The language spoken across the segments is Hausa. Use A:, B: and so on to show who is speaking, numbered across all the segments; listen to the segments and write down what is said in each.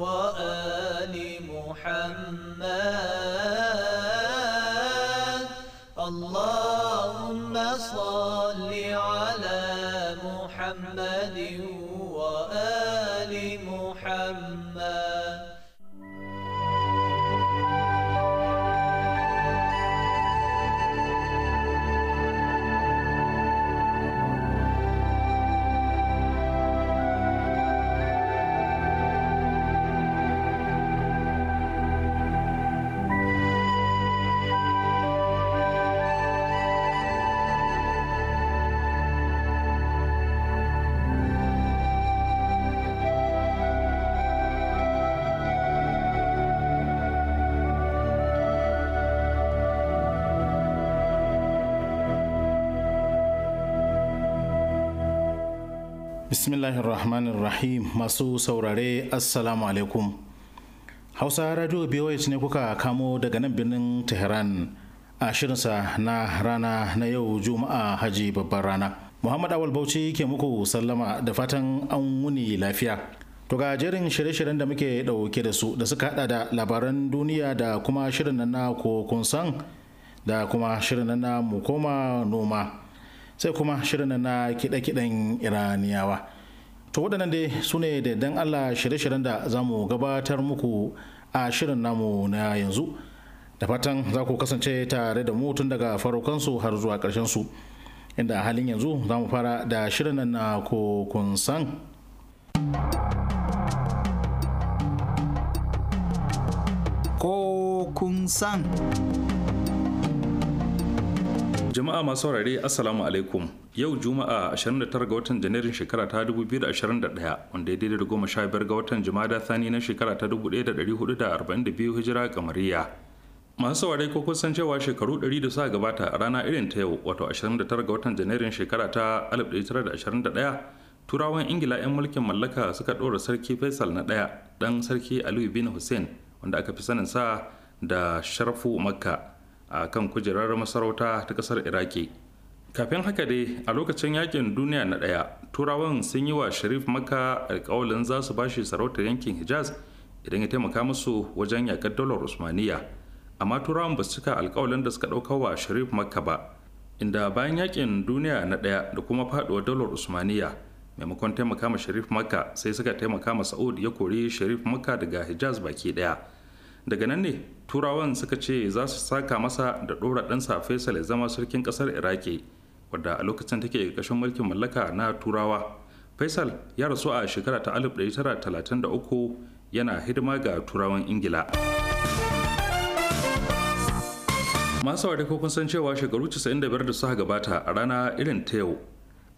A: وآله
B: bismillahirrahmanirrahim masu saurare assalamu alaikum hausa radio bih ne kuka kamo daga nan birnin tehran a shirinsa na rana na yau juma'a haji babbar rana muhammad awal bauchi ke muku sallama da fatan an wuni lafiya to ga jerin shirye-shiryen da muke dauke da su da suka hada da labaran duniya da kuma shirin na ko kun san da kuma shirin na mu koma noma sai kuma shirin na kiɗe-kiɗen iraniyawa to waɗannan dai su ne da dan allah shirye-shiryen da za mu gabatar muku a shirin namu na yanzu da fatan za ku kasance tare da mu tun daga farokansu har zuwa ƙarshen su inda a halin yanzu za mu fara da shirin na na kun san
C: san jama'a masu saurare assalamu alaikum yau juma'a 29 ga watan janairun shekara ta 2021 wanda ya daidai da goma sha biyar ga watan jumada thani na shekara ta 1442 hijira kamariya masu saurare ko kun san cewa shekaru 100 da suka gabata a rana irin ta yau wato 29 ga watan janairun shekara ta 1921 turawan ingila 'yan mulkin mallaka suka ɗora sarki faisal na ɗaya ɗan sarki aliyu bin hussein wanda aka fi sanin sa da sharafu makka a kan kujerar masarauta ta kasar iraki kafin haka dai a lokacin yakin duniya na daya turawan sun yi wa sharif maka alkawalin za su bashi sarautar yankin hijaz idan ya taimaka musu wajen yakar dalar usmaniya amma turawan ba su cika alkawalin da suka ɗauka wa sharif makka ba inda bayan yakin duniya na ɗaya da kuma faɗuwar dalar usmaniya maimakon taimaka ma sharif makka sai suka taimaka ma sa'ud ya kori sharif makka daga hijaz baki ɗaya daga nan ne turawan suka ce za su saka masa da ɗora ɗansa faisal ya zama sarkin ƙasar iraki wadda a lokacin take ƙarshen mulkin mallaka na turawa faisal ya rasu a shekara ta 1933 yana hidima ga turawan ingila masu wari kun san cewa shekaru 95 da suka gabata a rana irin ta yau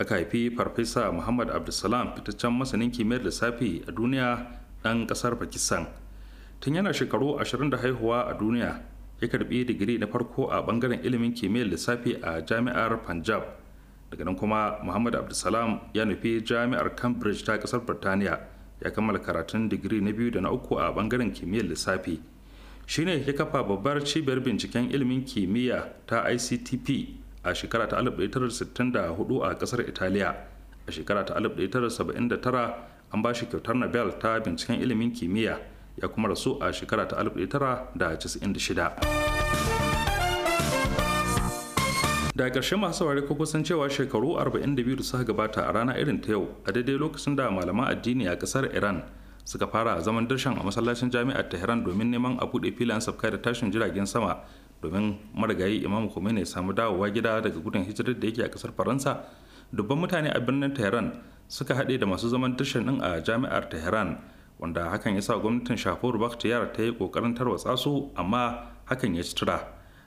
C: aka haifi farfesa muhammad abdulsalam fitaccen masanin kimiyyar lissafi a duniya ɗan ƙasar pakistan tun yana shekaru ashirin da haihuwa a duniya ya karbi digiri na farko a bangaren ilimin kimiyyar lissafi a jami'ar punjab daga nan kuma muhammad abdulsalam ya nufi jami'ar cambridge ta kasar birtaniya ya kammala karatun digiri na biyu da na uku a bangaren kimiyyar lissafi shine ya kafa babbar cibiyar binciken ilimin kimiyya ta ictp a shekara ta 1964 a kasar italiya a shekara ta 1979 an ba shi kyautar nobel ta binciken ilimin kimiyya ya kuma rasu a shekara ta 1996 da ƙarshe masu saurari ko kusan cewa shekaru 42 da suka gabata a rana irin ta yau a daidai lokacin da malaman addini a kasar iran suka fara zaman darshan a masallacin jami'ar tehran domin neman a buɗe filayen sabka da tashin jiragen sama domin marigayi imam khomeini ne samu dawowa gida daga gudun hijirar da yake a kasar faransa dubban mutane a birnin tehran suka haɗe da masu zaman dirshan ɗin a jami'ar tehran wanda hakan ya sa gwamnatin shafur bakhtiyar ta yi kokarin tarwatsa su amma hakan ya ci tura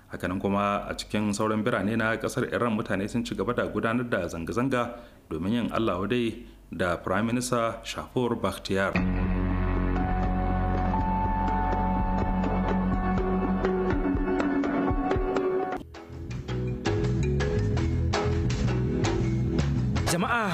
C: hakanan kuma a cikin sauran birane na kasar iran mutane sun ci gaba da gudanar da zanga-zanga domin yin allah dai da firaminista shafur bakhtiyar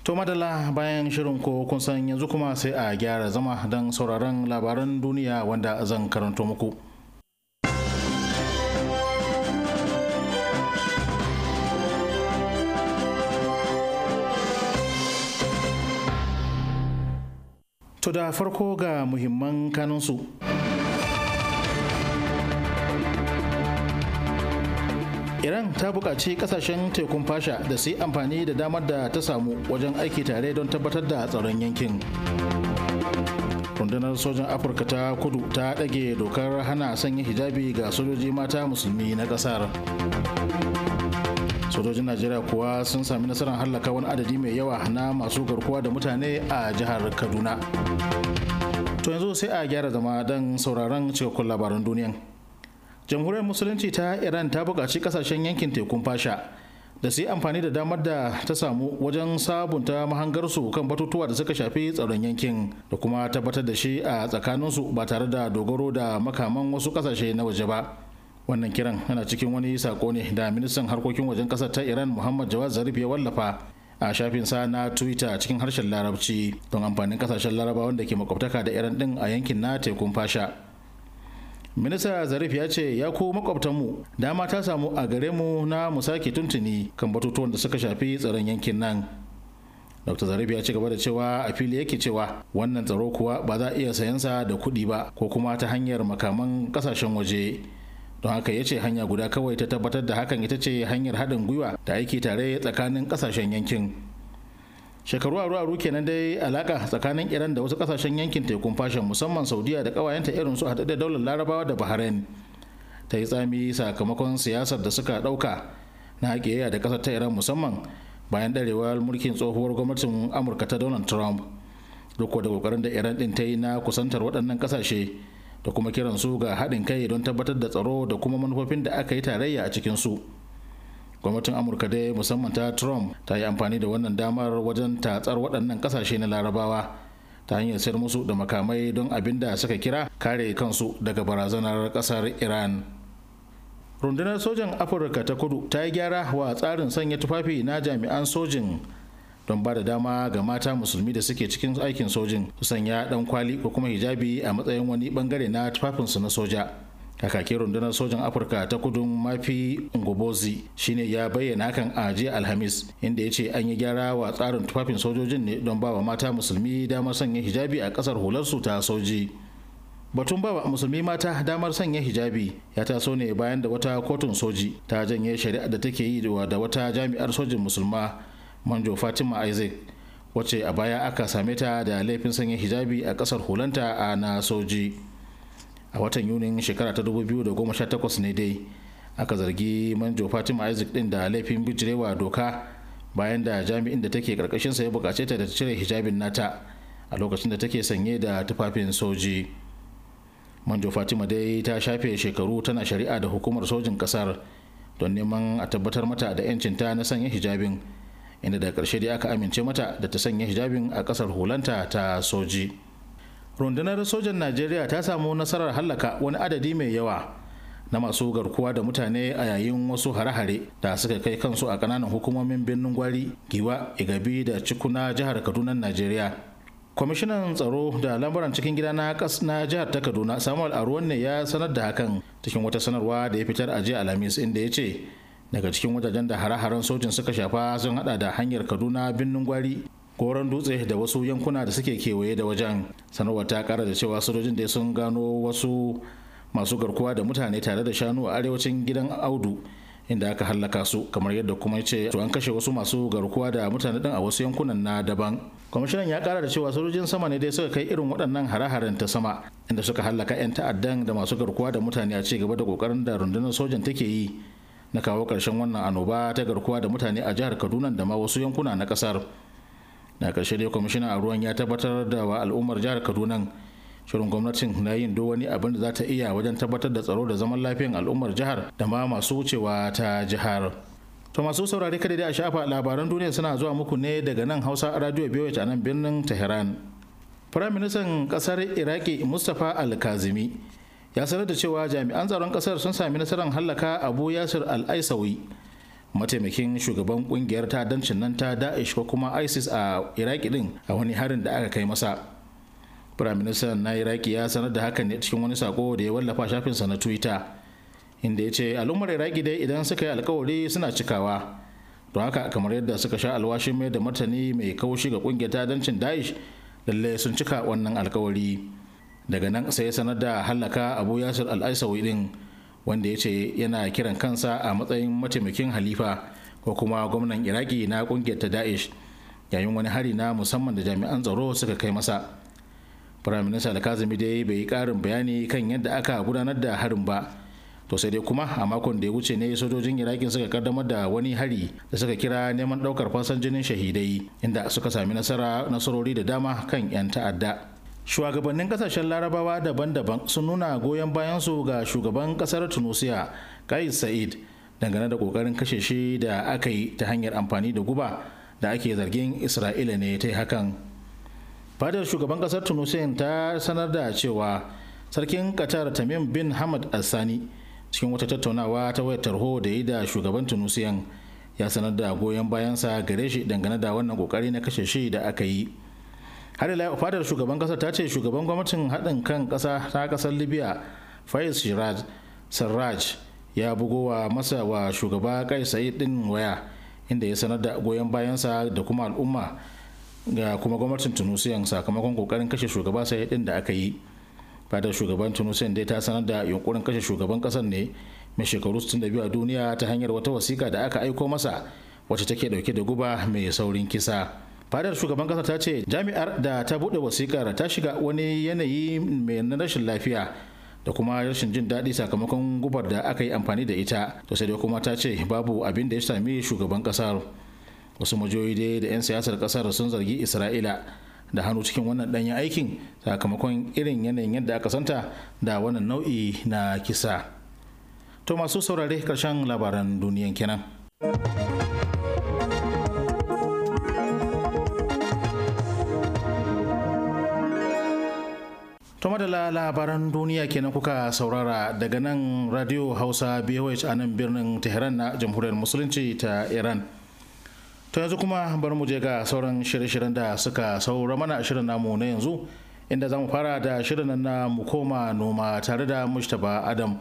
B: To madalla bayan shirin ko kun san yanzu kuma sai a gyara zama don sauraron labaran duniya wanda zan karanto muku. To da farko ga muhimman kanunsu. iran ta buƙaci kasashen tekun fasha da su yi amfani da damar da ta samu wajen aiki tare don tabbatar da tsaron yankin rundunar sojan afirka ta kudu ta ɗage dokar hana sanya hijabi ga sojoji mata musulmi na ƙasar sojojin najeriya kuwa sun sami nasarar hallaka wani adadi mai yawa na masu garkuwa da mutane a jihar kaduna to yanzu sai a gyara zama don sauraron cikakkun labaran duniyan jamhuriyar musulunci ta iran ta buƙaci kasashen yankin tekun fasha da su yi amfani da damar da ta samu wajen sabunta mahangarsu kan batutuwa da suka shafi tsaron yankin da kuma tabbatar da shi a tsakaninsu ba tare da dogaro da makaman wasu kasashe na waje ba wannan kiran yana cikin wani sako ne da ministan harkokin wajen kasar ta iran muhammad jawad zarif ya wallafa a shafin sa na twitter cikin harshen larabci don amfanin kasashen larabawan da ke makwabtaka da iran din a yankin na tekun fasha minista zarif ya ce ya ku makwabtanmu dama ta samu a gare mu na mu sake tuntuni kan batutuwan da suka shafi tsaron yankin nan dr zarif ya ci gaba da cewa a fili yake cewa wannan tsaro kuwa ba za a iya sayansa da kuɗi ba ko kuma ta hanyar makaman ƙasashen waje don haka ya ce hanya guda kawai ta tabbatar da hakan ita ce hanyar haɗin gwiwa da aiki tare tsakanin ƙasashen yankin shekaru aru aru kenan dai alaka tsakanin iran da wasu kasashen yankin tekun fashin musamman saudiya da kawayenta irin su haɗe da daular larabawa da bahrain ta yi tsami sakamakon siyasar da suka ɗauka na haƙiyayya da ƙasar ta iran musamman bayan ɗarewar mulkin tsohuwar gwamnatin amurka ta donald trump duk da ƙoƙarin da iran ɗin ta yi na kusantar waɗannan ƙasashe da kuma kiran su ga haɗin kai don tabbatar da tsaro da kuma manufofin da aka yi tarayya a cikin su. gwamnatin amurka dai musamman ta trump ta yi amfani da wannan damar wajen tatsar waɗannan ƙasashe na larabawa ta hanyar sayar musu da makamai don abin da suka kira kare kansu daga barazanar ƙasar iran rundunar sojan afirka ta kudu ta yi gyara wa tsarin sanya tufafi na jami'an sojin don ba da dama ga mata musulmi da suke cikin aikin sojin su sanya dan kwali ko kuma hijabi a matsayin wani bangare na tufafinsu na soja kakakin rundunar sojan afirka ta kudun mafi ngobozi shine ya bayyana hakan a jiya alhamis inda ya ce an yi gyara wa tsarin tufafin sojojin ne don bawa mata musulmi damar sanya hijabi a kasar hularsu ta soji batun bawa musulmi mata damar sanya hijabi ya taso ne bayan da wata kotun soji ta janye shari'a da take yi da wata jami'ar sojin musulma manjo fatima isaac wacce a baya aka same ta da laifin sanya hijabi a kasar hulanta a na soji. a watan yunin shekara ta 2018 ne dai aka zargi manjo fatima isaac din da laifin bijirewa doka bayan da jami'in da take sa ya bukace ta da cire hijabin nata a lokacin da take sanye da tufafin soji manjo fatima dai ta shafe shekaru tana shari'a da hukumar sojin kasar don neman a tabbatar mata da yancin ta na sanya hijabin inda da karshe dai aka amince mata da ta sanya hijabin a kasar hulanta ta soji. rundunar sojan najeriya ta samu nasarar hallaka wani adadi mai yawa na masu garkuwa da mutane a yayin wasu hare-hare da suka kai kansu a kananan hukumomin birnin gwari giwa igabi da cikuna jihar kaduna najeriya kwamishinan tsaro da lamuran cikin gida na kas jihar ta kaduna samuel aruwan ne ya sanar da hakan cikin wata sanarwa da ya fitar a jiya alhamis inda ya ce daga cikin wajajen da hare-haren sojin suka shafa sun hada da hanyar kaduna birnin gwari koran dutse da wasu yankuna da suke kewaye da wajen sanarwar ta kara da cewa sojojin da sun gano wasu masu garkuwa da mutane tare da shanu a arewacin gidan audu inda aka hallaka su kamar yadda kuma ce to an kashe wasu masu garkuwa da mutane din a wasu yankunan na daban kwamishinan ya kara da cewa sojojin sama ne dai suka kai irin waɗannan hare-haren ta sama inda suka hallaka 'yan ta'addan da masu garkuwa da mutane a ci gaba da kokarin da rundunar sojan take yi na kawo ƙarshen wannan annoba ta garkuwa da mutane a jihar kaduna da ma wasu yankuna na kasar. na ƙarshe dai kwamishina a ruwan ya tabbatar da wa al'ummar jihar kaduna shirin gwamnatin na yin duk wani abin da za ta iya wajen tabbatar da tsaro da zaman lafiyan al'ummar jihar da ma masu wucewa ta jihar to masu saurare kada dai a shafa labaran duniya suna zuwa muku ne daga nan hausa radio biyu a nan birnin tehran firayim ministan kasar iraki mustapha alkazimi ya sanar da cewa jami'an tsaron kasar sun sami nasarar hallaka abu yasir al-aisawi mataimakin shugaban kungiyar dancin nan ta da'ish ko kuma isis a iraki din a wani harin da aka kai masa firaministan na iraki ya sanar da hakan ne cikin wani sako da ya wallafa shafinsa na twitter inda ya ce al'ummar iraki dai idan suka yi alkawari suna cikawa don haka kamar yadda suka sha alwashin mai da martani mai kaushi ga kungiyar tadancin daesh lallai sun cika wannan alkawari daga nan sai ya sanar da hallaka abu yasir al-aisawi din wanda ya ce yana kiran kansa a matsayin mataimakin halifa ko kuma gwamnan iraki na kungiyar ta daesh yayin wani hari na musamman da jami'an tsaro suka kai masa firayim minista alkazimi dai bai yi karin bayani kan yadda aka gudanar da harin ba to sai dai kuma a makon da ya wuce ne sojojin iraki suka kaddamar da wani hari da suka kira neman daukar fasan jinin shahidai inda suka sami nasara nasarori da dama kan 'yan ta'adda shugabannin kasashen larabawa daban-daban sun nuna goyon bayansu ga shugaban kasar tunisia kais sa'id dangane da kokarin kashe shi da aka yi ta hanyar amfani da guba da ake zargin isra'ila ne ta yi hakan fadar shugaban kasar tunisia ta sanar da cewa sarkin qatar tamim bin hamad al-sani cikin wata tattaunawa ta wayar tarho da yi da shugaban tunisiyan ya sanar da goyon bayansa gare shi dangane da wannan kokari na kashe shi da aka yi har ila fadar shugaban kasar ta ce shugaban gwamnatin haɗin kan kasa ta kasar libya faiz shiraj sarraj ya bugo wa masa wa shugaba kai sa'id din waya inda ya sanar da goyon bayansa da kuma al'umma ga kuma gwamnatin tunisiyan sakamakon kokarin kashe shugaba sa'id din da aka yi fadar shugaban tunisiyan dai ta sanar da yunkurin kashe shugaban kasar ne mai shekaru 62 a duniya ta hanyar wata wasiƙa da aka aiko masa wacce take dauke da guba mai saurin kisa fadar shugaban kasar ta ce jami'ar da ta buɗe wasikar ta shiga wani yanayi mai na rashin lafiya da kuma rashin jin daɗi sakamakon gubar da aka yi amfani da ita to sai dai kuma ta ce babu abin da ya sami shugaban kasar wasu majoyi dai da 'yan siyasar kasar sun zargi isra'ila da hannu cikin wannan ɗanyen aikin sakamakon irin yanayin yadda aka santa da wannan nau'i na kisa to masu saurare karshen labaran duniyan kenan. To da labaran duniya kenan kuka saurara daga nan Radio Hausa BOH a nan birnin Tehran na Jamhuriyar Musulunci ta Iran. To yanzu kuma bari mu je ga sauran shirye-shiryen da suka saura mana shirin namu na yanzu inda zamu fara da shirin na mu koma noma tare da Mustapha Adam.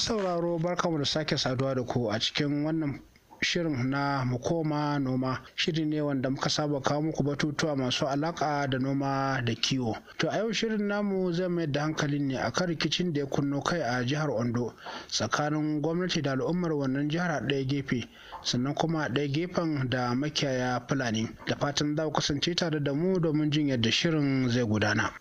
D: sauraro barkamu da sake saduwa da ku a cikin wannan shirin na mu koma noma shiri ne wanda muka saba kawo muku batutuwa masu alaka da noma da kiwo to a yau shirin namu zai mai da hankali ne a kan rikicin da ya kunno kai a jihar ondo tsakanin gwamnati da al'ummar wannan jihar a ɗaya gefe sannan kuma ɗaya gefen da makiyaya fulani da fatan za ku kasance tare da mu domin jin yadda shirin zai gudana.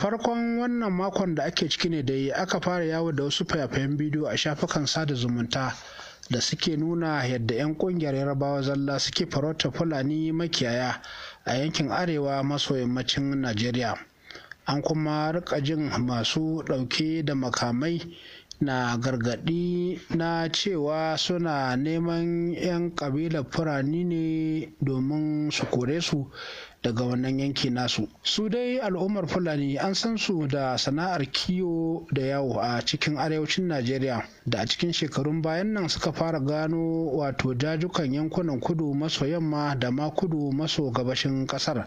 D: farkon wannan makon da ake ciki ne dai aka fara yawo da wasu fayafayen bidiyo a shafukan sada zumunta da suke nuna yadda 'yan kungiyar yarabawa zalla suke farauta fulani makiyaya a yankin arewa maso yammacin najeriya an kuma rika jin masu ɗauke da makamai na gargadi na cewa suna neman 'yan ƙabilar fulani ne domin su kore su daga wannan yanki nasu su dai al'ummar fulani an san su da sana'ar kiwo da yawo a cikin arewacin najeriya da a cikin shekarun bayan nan suka fara gano wato jajukan yankunan kudu maso yamma da ma kudu maso gabashin kasar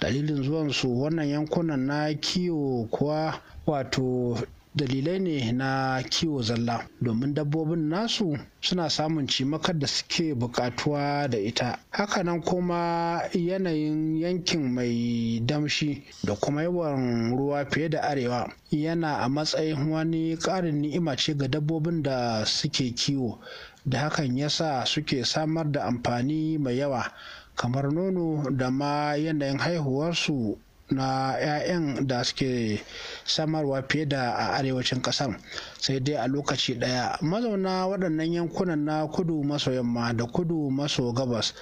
D: dalilin zuwansu wannan yankunan na kiwo kuwa wato dalilai ne na kiwo zalla domin dabbobin nasu suna samun cimakar da suke bukatuwa da ita hakanan kuma yanayin yankin mai damshi da kuma yawan ruwa fiye da arewa yana a matsayin wani ƙarin ni'ima ce ga dabbobin da suke kiwo da hakan yasa suke samar da amfani mai yawa kamar nono da ma yanayin haihuwarsu na 'ya'yan da suke samarwa fiye da a arewacin kasar sai dai a lokaci daya mazauna waɗannan yankunan na kudu maso yamma da kudu maso gabas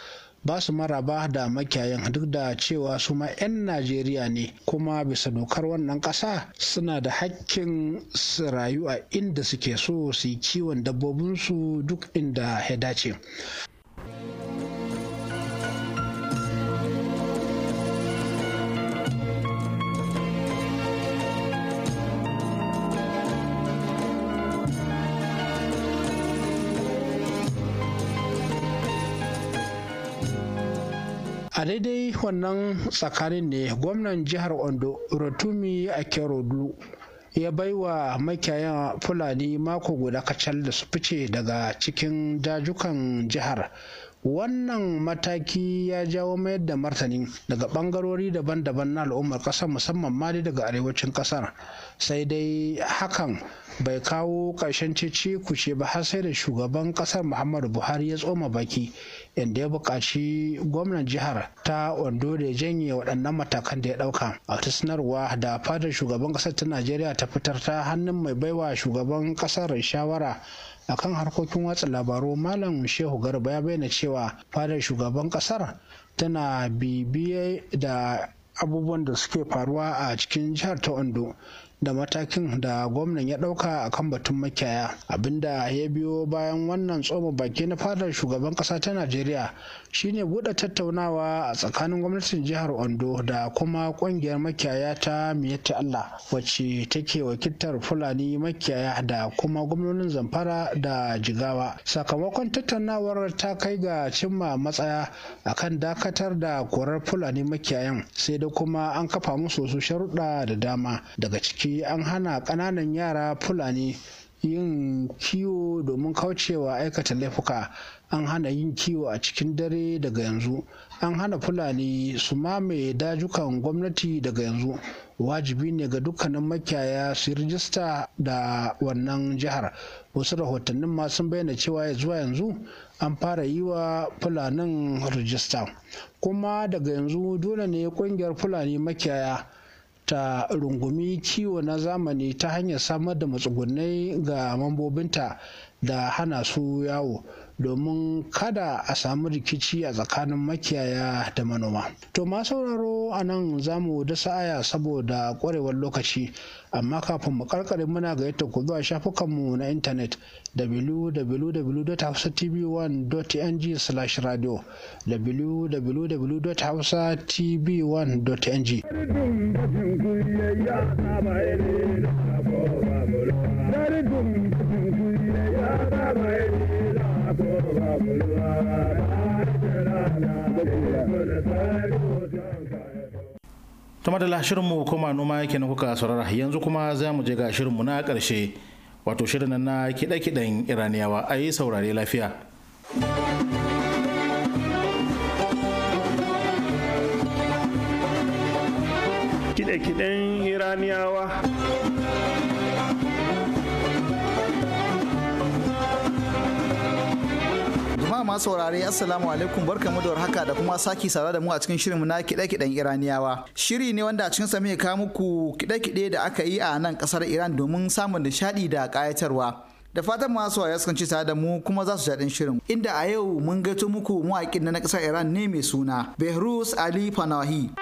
D: ba su maraba da makiyayin duk da cewa su ma 'yan najeriya ne kuma bisa dokar wannan ƙasa suna da hakkin su rayu a inda suke so su yi kiwon dabbobinsu duk inda ya dace wannan tsakanin ne gwamnan jihar ondo rotumi akerodu ya baiwa makiyayan fulani mako guda kacal da su fice daga cikin dajukan jihar wannan mataki ya jawo mayar da martani daga bangarori daban-daban na al'ummar kasar musamman ma daga arewacin kasar sai dai hakan bai kawo ƙarshen cece kuce ba har sai da shugaban kasar muhammadu buhari ya tsoma baki inda ya buƙaci gwamnan jihar ta ondo da ya janye waɗannan matakan da ya ɗauka a wata sanarwa da fadar shugaban ƙasar ta najeriya ta fitar ta hannun mai baiwa shugaban ƙasar shawara akan harkokin watsa labaru malam shehu garba ya bayyana cewa fadar shugaban ƙasar tana bibiye da abubuwan da suke faruwa a cikin jihar ta ondo da matakin da gwamnan ya ɗauka a kan batun makiyaya abinda ya biyo bayan wannan tsoma baki na fadar shugaban ƙasa ta najeriya shine buɗe tattaunawa a tsakanin gwamnatin jihar ondo da kuma ƙungiyar makiyaya ta miyatta allah wacce take wakiltar fulani makiyaya da kuma gwamnonin zamfara da jigawa sakamakon tattaunawar ta kai ga cimma matsaya akan dakatar da korar fulani makiyayan sai da kuma an kafa musu sharuɗa da dama daga ciki an hana ƙananan yara fulani yin kiwo domin kaucewa aikata laifuka an hana yin kiwo a cikin dare daga yanzu an hana fulani su mamaye dajukan gwamnati daga yanzu wajibi ne ga dukkanin makiyaya su rijista da wannan jihar wasu rahotannin ma sun bayyana cewa ya zuwa yanzu an fara yi wa fulanin rijista kuma daga yanzu dole ne ƙungiyar fulani makiyaya ta rungumi kiwo na zamani ta hanyar samar da matsugunai ga mambobinta da hana su yawo domin kada a samu rikici a tsakanin makiyaya da manoma. To ma sauraro a nan za mu dasa aya saboda kwarewar lokaci amma kafin mu karkare muna ga yadda ku zuwa shafukanmu na intanet www.hausatv1.ng/radio www.hausatv1.ng Dari dum ya
B: tuma da shirinmu kuma noma yake na kuka saurara yanzu kuma za mu je ga shirinmu na ƙarshe wato shirin na kiɗe-kiɗen iraniyawa a yi saurare lafiya kiɗe-kiɗen iraniyawa jama'a masu saurare assalamu alaikum barkamu da warhaka da kuma saki sara da mu a cikin shirinmu na kiɗe-kiɗen iraniyawa shiri ne wanda a cikin sa muke kawo muku kiɗe-kiɗe da aka yi a nan kasar iran domin samun nishaɗi da kayatarwa da fatan masu waya sukan ci tare da mu kuma za su jaɗin shirin inda a yau mun gaito muku mawaƙin na kasar iran ne mai suna behrus ali fanahi.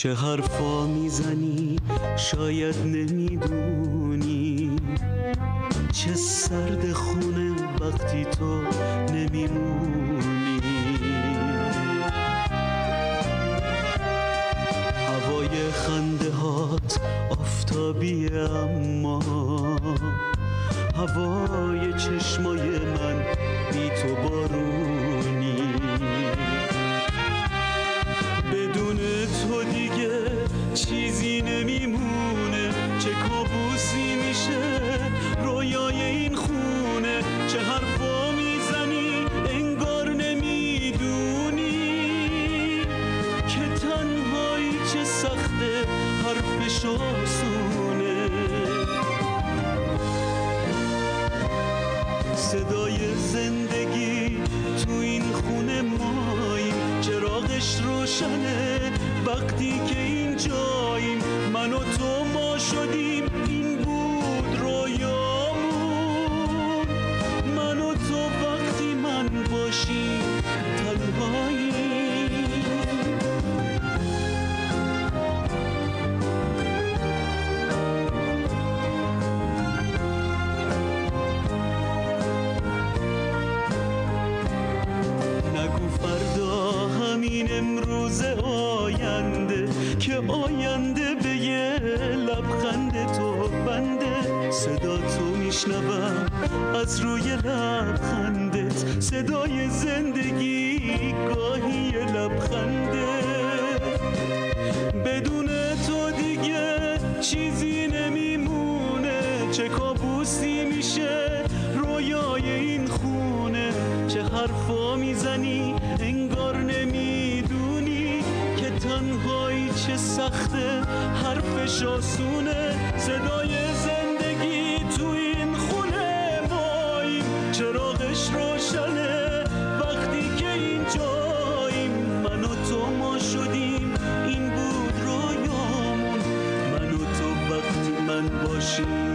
A: چه حرفا میزنی شاید نمیدونی چه سرد خونه وقتی تو نمیمونی هوای خنده هات آفتابی اما هوای چشمای من بی تو با boya 是。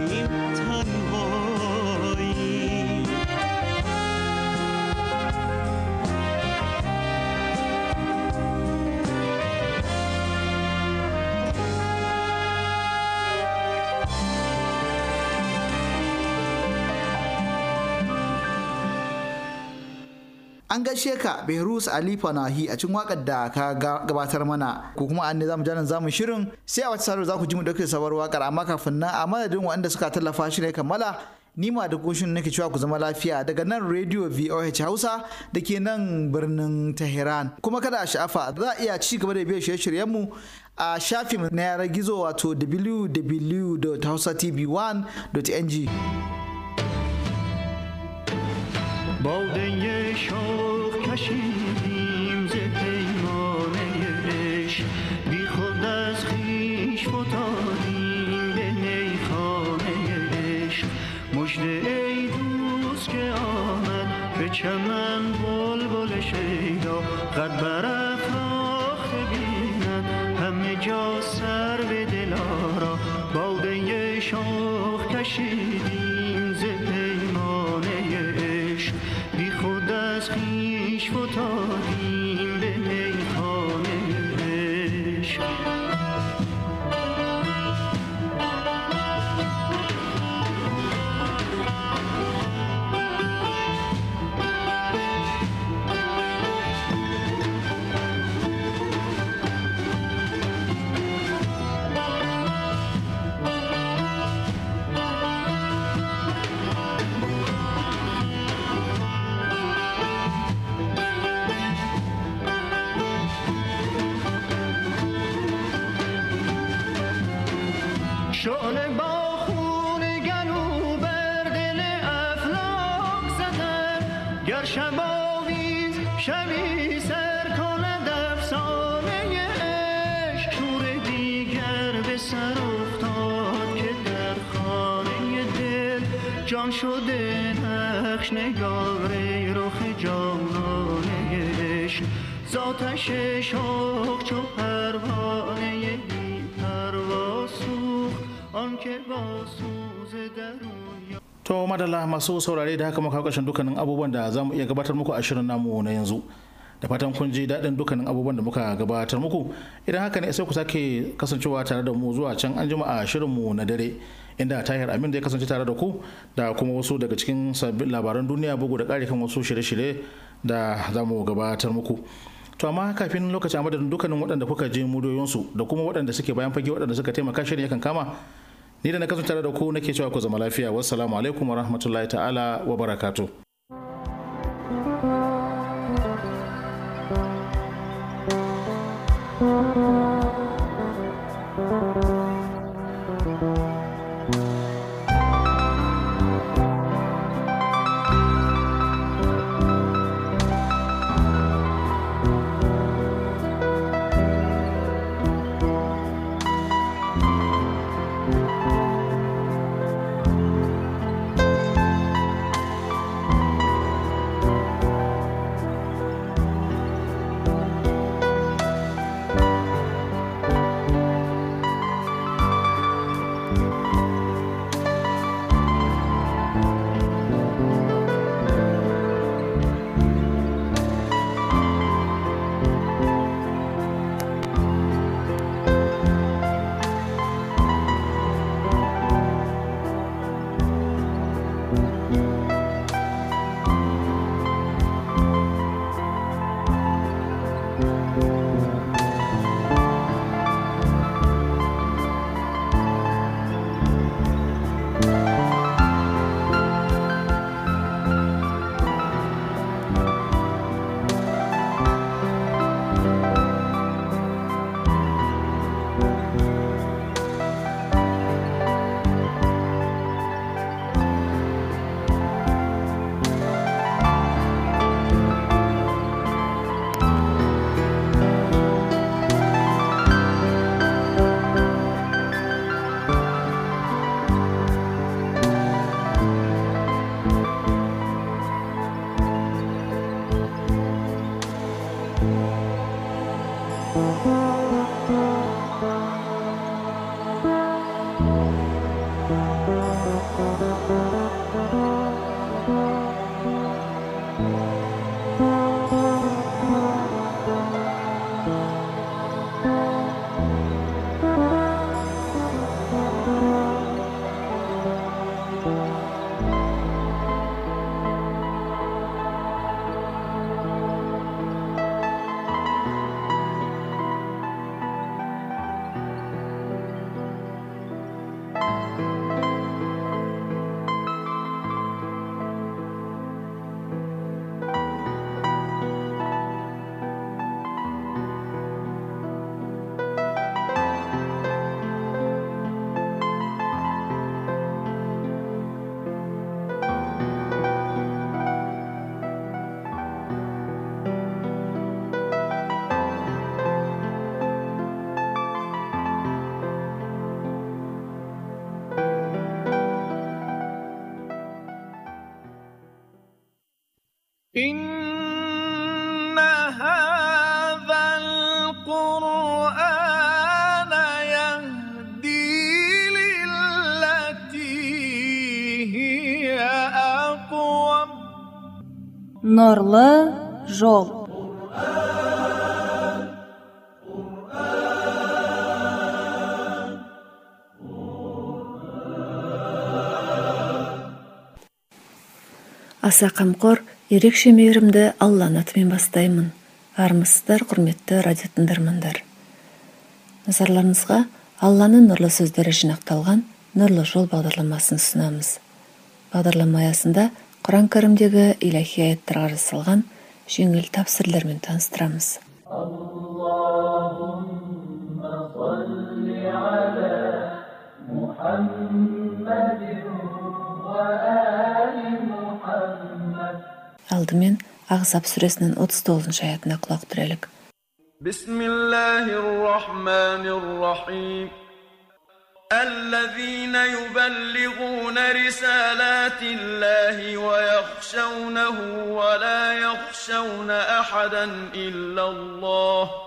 E: an gaishe ka
B: behrus ali fanahi a cikin wakar da ka gabatar mana ko kuma an ne zamu nan zamu shirin sai a wata sarar za ku ji mu dauke sabar wakar amma kafin nan a madadin waɗanda suka tallafa shi ne kammala ni ma da goshin nake cewa ku zama lafiya daga nan radio VOH Hausa da ke nan birnin Tehran kuma kada a sha'afa za a iya ci gaba da biyan shirye-shiryen mu a shafin na yara gizo wato www.hausatv1.ng
A: جان شده نقش نگار رخ جانانه عشق زاتش شوق چو پروانه بی پروا آن که با سوز درون
B: To madalla masu saurare da haka muka kashin dukkanin abubuwan da za mu iya gabatar muku a shirin namu na yanzu. da fatan kun ji daɗin dukkanin abubuwan da muka gabatar muku idan haka ne sai ku sake kasancewa tare da mu zuwa can an jima shirin mu na dare inda tahir amin da ya kasance tare da ku da kuma wasu daga cikin sabbin labaran duniya bugu da ƙari kan wasu shirye-shirye da za mu gabatar muku to amma kafin lokacin amadadin dukkanin waɗanda kuka je mudoyinsu da kuma waɗanda suke bayan fage waɗanda suka taimaka shirin yakan kama ni da na kasance tare da ku nake cewa ku zama lafiya wassalamu alaikum wa rahmatullahi ta'ala wa barakatuh
F: إن
A: هذا القرآن يهدي للتي هي أقوم نورلا жол
D: аса қамқор ерекше мейірімді алланың атымен бастаймын армысыздар құрметті радио тыңдармандар назарларыңызға алланың нұрлы сөздері жинақталған нұрлы жол бағдарламасын ұсынамыз бағдарлама аясында құран кәрімдегі илахи аяттарға жасалған жеңіл тапсырлармен
F: таныстырамыз
D: алдымен Ahzab сүресінің 39 аятына құлақ түрелік.
A: Бисмиллахир-рахманир-рахим. الذين يبلغون رسالات الله ويخشونه ولا يخشون أحدا إلا الله